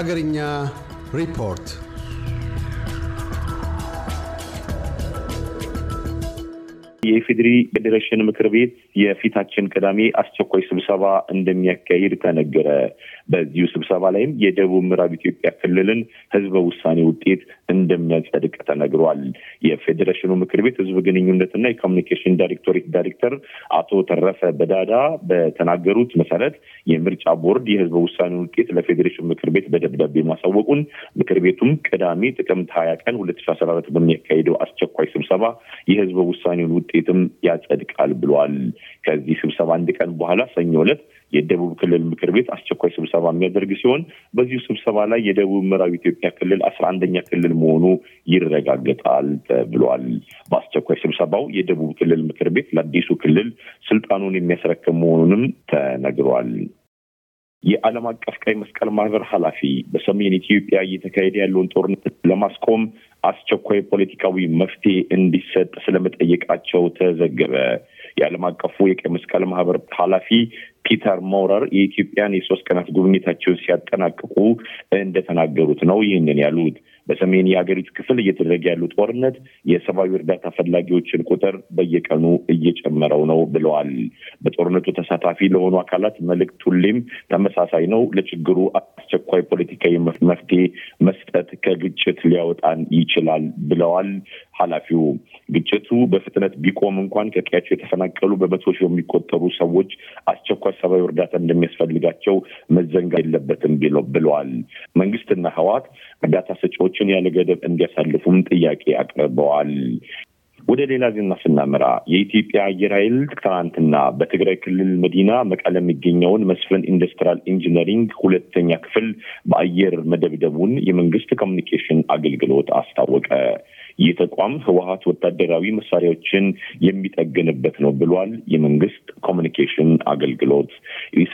Hagarinya Report የኢፌዴሪ ፌዴሬሽን ምክር ቤት የፊታችን ቅዳሜ አስቸኳይ ስብሰባ እንደሚያካሂድ ተነገረ። በዚሁ ስብሰባ ላይም የደቡብ ምዕራብ ኢትዮጵያ ክልልን ህዝበ ውሳኔ ውጤት እንደሚያጸድቅ ተነግሯል። የፌዴሬሽኑ ምክር ቤት ህዝብ ግንኙነትና የኮሚኒኬሽን ዳይሬክቶሬት ዳይሬክተር አቶ ተረፈ በዳዳ በተናገሩት መሰረት የምርጫ ቦርድ የህዝበ ውሳኔ ውጤት ለፌዴሬሽን ምክር ቤት በደብዳቤ ማሳወቁን ምክር ቤቱም ቅዳሜ ጥቅምት ሀያ ቀን ሁለት ሺ አስራ አራት በሚያካሄደው አስቸኳይ ስብሰባ የህዝበ ውሳኔውን ውጤት ውጤትም ያጸድቃል ብሏል። ከዚህ ስብሰባ አንድ ቀን በኋላ ሰኞ ዕለት የደቡብ ክልል ምክር ቤት አስቸኳይ ስብሰባ የሚያደርግ ሲሆን በዚሁ ስብሰባ ላይ የደቡብ ምዕራብ ኢትዮጵያ ክልል አስራ አንደኛ ክልል መሆኑ ይረጋገጣል ተብሏል። በአስቸኳይ ስብሰባው የደቡብ ክልል ምክር ቤት ለአዲሱ ክልል ስልጣኑን የሚያስረክብ መሆኑንም ተነግሯል። የዓለም አቀፍ ቀይ መስቀል ማህበር ኃላፊ በሰሜን ኢትዮጵያ እየተካሄደ ያለውን ጦርነት ለማስቆም አስቸኳይ ፖለቲካዊ መፍትሄ እንዲሰጥ ስለመጠየቃቸው ተዘገበ። የዓለም አቀፉ የቀይ መስቀል ማህበር ኃላፊ ፒተር ሞረር የኢትዮጵያን የሶስት ቀናት ጉብኝታቸውን ሲያጠናቅቁ እንደተናገሩት ነው ይህንን ያሉት። በሰሜን የሀገሪቱ ክፍል እየተደረገ ያሉ ጦርነት የሰብአዊ እርዳታ ፈላጊዎችን ቁጥር በየቀኑ እየጨመረው ነው ብለዋል። በጦርነቱ ተሳታፊ ለሆኑ አካላት መልእክት ሁሌም ተመሳሳይ ነው። ለችግሩ አስቸኳይ ፖለቲካዊ መፍትሄ መስጠት ከግጭት ሊያወጣን ይችላል ብለዋል ኃላፊው ግጭቱ በፍጥነት ቢቆም እንኳን ከቀያቸው የተፈናቀሉ በመቶች የሚቆጠሩ ሰዎች አስቸኳይ ሰብአዊ እርዳታ እንደሚያስፈልጋቸው መዘንጋ የለበትም ብለዋል። መንግስትና ህዋት እርዳታ ሰጪዎችን ያለ ገደብ እንዲያሳልፉም ጥያቄ አቅርበዋል። ወደ ሌላ ዜና ስናመራ የኢትዮጵያ አየር ኃይል ትናንትና በትግራይ ክልል መዲና መቀለ የሚገኘውን መስፍን ኢንዱስትሪያል ኢንጂነሪንግ ሁለተኛ ክፍል በአየር መደብደቡን የመንግስት ኮሚኒኬሽን አገልግሎት አስታወቀ። ተቋም ህወሀት ወታደራዊ መሳሪያዎችን የሚጠግንበት ነው ብሏል የመንግስት ኮሚኒኬሽን አገልግሎት።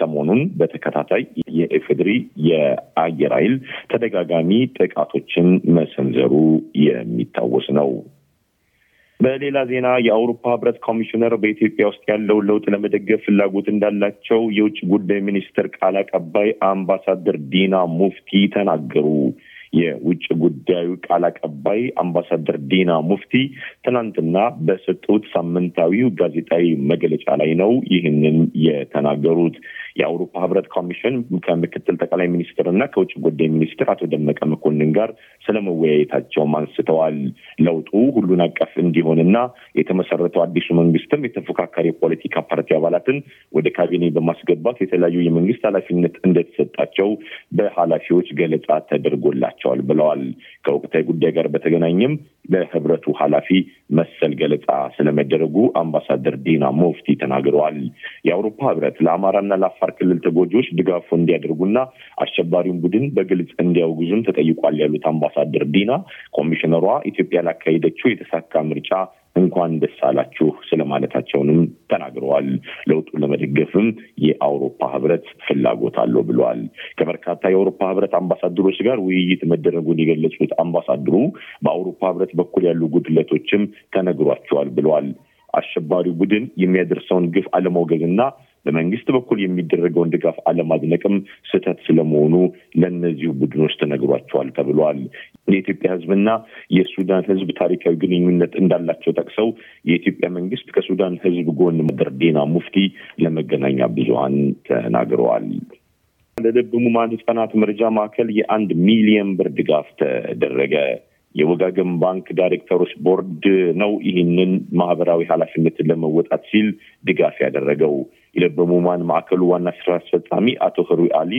ሰሞኑን በተከታታይ የኤፌድሪ የአየር ኃይል ተደጋጋሚ ጥቃቶችን መሰንዘሩ የሚታወስ ነው። በሌላ ዜና የአውሮፓ ህብረት ኮሚሽነር በኢትዮጵያ ውስጥ ያለውን ለውጥ ለመደገፍ ፍላጎት እንዳላቸው የውጭ ጉዳይ ሚኒስትር ቃል አቀባይ አምባሳደር ዲና ሙፍቲ ተናገሩ። የውጭ ጉዳዩ ቃል አቀባይ አምባሳደር ዲና ሙፍቲ ትናንትና በሰጡት ሳምንታዊው ጋዜጣዊ መግለጫ ላይ ነው ይህንን የተናገሩት። የአውሮፓ ህብረት ኮሚሽን ከምክትል ጠቅላይ ሚኒስትር እና ከውጭ ጉዳይ ሚኒስትር አቶ ደመቀ መኮንን ጋር ስለመወያየታቸውም አንስተዋል። ለውጡ ሁሉን አቀፍ እንዲሆንና የተመሰረተው አዲሱ መንግስትም የተፎካካሪ የፖለቲካ ፓርቲ አባላትን ወደ ካቢኔ በማስገባት የተለያዩ የመንግስት ኃላፊነት እንደተሰጣቸው በኃላፊዎች ገለጻ ተደርጎላቸው ያስፈልጋቸዋል ብለዋል። ከወቅታዊ ጉዳይ ጋር በተገናኘም ለህብረቱ ኃላፊ መሰል ገለጻ ስለመደረጉ አምባሳደር ዲና ሞፍቲ ተናግረዋል። የአውሮፓ ህብረት ለአማራና ለአፋር ክልል ተጎጂዎች ድጋፉ እንዲያደርጉና አሸባሪውን ቡድን በግልጽ እንዲያውግዙም ተጠይቋል ያሉት አምባሳደር ዲና ኮሚሽነሯ ኢትዮጵያ ላካሄደችው የተሳካ ምርጫ እንኳን ደስ አላችሁ ስለማለታቸውንም ተናግረዋል። ለውጡን ለመደገፍም የአውሮፓ ህብረት ፍላጎት አለው ብለዋል። ከበርካታ የአውሮፓ ህብረት አምባሳደሮች ጋር ውይይት መደረጉን የገለጹት አምባሳደሩ በአውሮፓ ህብረት በኩል ያሉ ጉድለቶችም ተነግሯቸዋል ብለዋል። አሸባሪው ቡድን የሚያደርሰውን ግፍ አለማውገዝና በመንግስት በኩል የሚደረገውን ድጋፍ አለማድነቅም ስህተት ስለመሆኑ ለእነዚሁ ቡድኖች ተነግሯቸዋል ተብሏል። የኢትዮጵያ ህዝብና የሱዳን ህዝብ ታሪካዊ ግንኙነት እንዳላቸው ጠቅሰው የኢትዮጵያ መንግስት ከሱዳን ህዝብ ጎን መደር ዲና ሙፍቲ ለመገናኛ ብዙሀን ተናግረዋል። ለልብ ሕሙማን መርጃ ማዕከል የአንድ ሚሊየን ብር ድጋፍ ተደረገ። የወጋገን ባንክ ዳይሬክተሮች ቦርድ ነው ይህንን ማህበራዊ ኃላፊነትን ለመወጣት ሲል ድጋፍ ያደረገው። የልብ ማዕከሉ ዋና ስራ አስፈጻሚ አቶ ህሩይ አሊ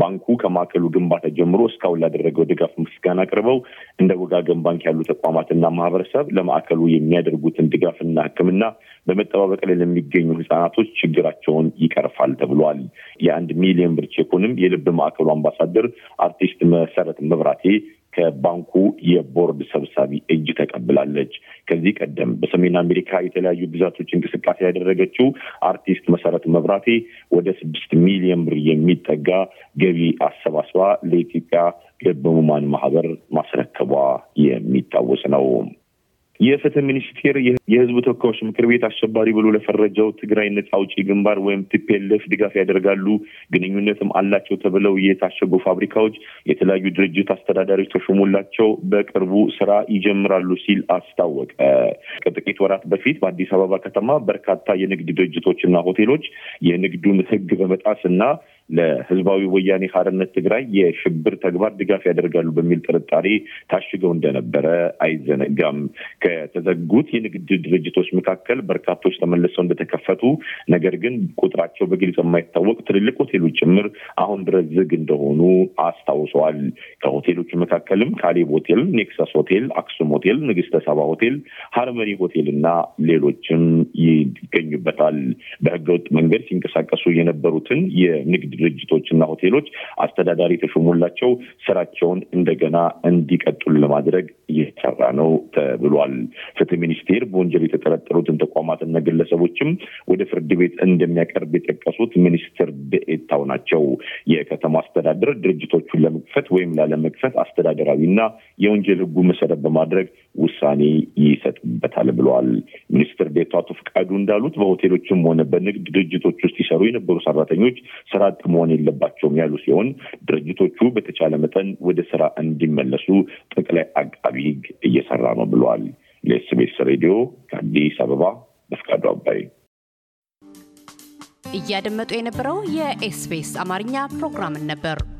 ባንኩ ከማዕከሉ ግንባታ ጀምሮ እስካሁን ላደረገው ድጋፍ ምስጋና አቅርበው እንደ ወጋገን ባንክ ያሉ ተቋማትና ማህበረሰብ ለማዕከሉ የሚያደርጉትን ድጋፍና ሕክምና በመጠባበቅ ላይ ለሚገኙ ህጻናቶች ችግራቸውን ይቀርፋል ተብሏል። የአንድ ሚሊዮን ብር ቼኩንም የልብ ማዕከሉ አምባሳደር አርቲስት መሰረት መብራቴ ከባንኩ የቦርድ ሰብሳቢ እጅ ተቀብላለች። ከዚህ ቀደም በሰሜን አሜሪካ የተለያዩ ግዛቶች እንቅስቃሴ ያደረገችው አርቲስት መሰረት መብራቴ ወደ ስድስት ሚሊዮን ብር የሚጠጋ ገቢ አሰባስባ ለኢትዮጵያ ልብ ሕሙማን ማህበር ማስረከቧ የሚታወስ ነው። የፍትህ ሚኒስቴር የህዝብ ተወካዮች ምክር ቤት አሸባሪ ብሎ ለፈረጀው ትግራይ ነጻ አውጪ ግንባር ወይም ቲፒኤልኤፍ ድጋፍ ያደርጋሉ፣ ግንኙነትም አላቸው ተብለው የታሸጉ ፋብሪካዎች የተለያዩ ድርጅት አስተዳዳሪዎች ተሾሙላቸው በቅርቡ ስራ ይጀምራሉ ሲል አስታወቀ። ከጥቂት ወራት በፊት በአዲስ አበባ ከተማ በርካታ የንግድ ድርጅቶች እና ሆቴሎች የንግዱን ህግ በመጣስ እና ለህዝባዊ ወያኔ ሀርነት ትግራይ የሽብር ተግባር ድጋፍ ያደርጋሉ በሚል ጥርጣሬ ታሽገው እንደነበረ አይዘነጋም። ከተዘጉት የንግድ ድርጅቶች መካከል በርካቶች ተመልሰው እንደተከፈቱ፣ ነገር ግን ቁጥራቸው በግልጽ የማይታወቅ ትልልቅ ሆቴሎች ጭምር አሁን ድረስ ዝግ እንደሆኑ አስታውሰዋል። ከሆቴሎቹ መካከልም ካሌብ ሆቴል፣ ኔክሰስ ሆቴል፣ አክሱም ሆቴል፣ ንግስተ ሰባ ሆቴል፣ ሀርመሪ ሆቴል እና ሌሎችም ይገኙበታል። በህገወጥ መንገድ ሲንቀሳቀሱ የነበሩትን የንግድ ድርጅቶችና ሆቴሎች አስተዳዳሪ ተሾሙላቸው ስራቸውን እንደገና እንዲቀጥሉ ለማድረግ እየተሰራ ነው ተብሏል። ፍትህ ሚኒስቴር በወንጀል የተጠረጠሩትን ተቋማትና ግለሰቦችም ወደ ፍርድ ቤት እንደሚያቀርብ የጠቀሱት ሚኒስትር ደኤታው ናቸው። የከተማ አስተዳደር ድርጅቶቹን ለመክፈት ወይም ላለመክፈት አስተዳደራዊና የወንጀል ህጉ መሰረት በማድረግ ውሳኔ ይሰጥበታል ብለዋል። ሚኒስትር ዴኤታው አቶ ፍቃዱ እንዳሉት በሆቴሎችም ሆነ በንግድ ድርጅቶች ውስጥ ይሰሩ የነበሩ ሰራተኞች ስራ መሆን የለባቸውም ያሉ ሲሆን ድርጅቶቹ በተቻለ መጠን ወደ ስራ እንዲመለሱ ጠቅላይ አቃቢ ሕግ እየሰራ ነው ብለዋል። ለኤስቤስ ሬዲዮ ከአዲስ አበባ በፍቃዱ አባይ። እያደመጡ የነበረው የኤስቤስ አማርኛ ፕሮግራምን ነበር።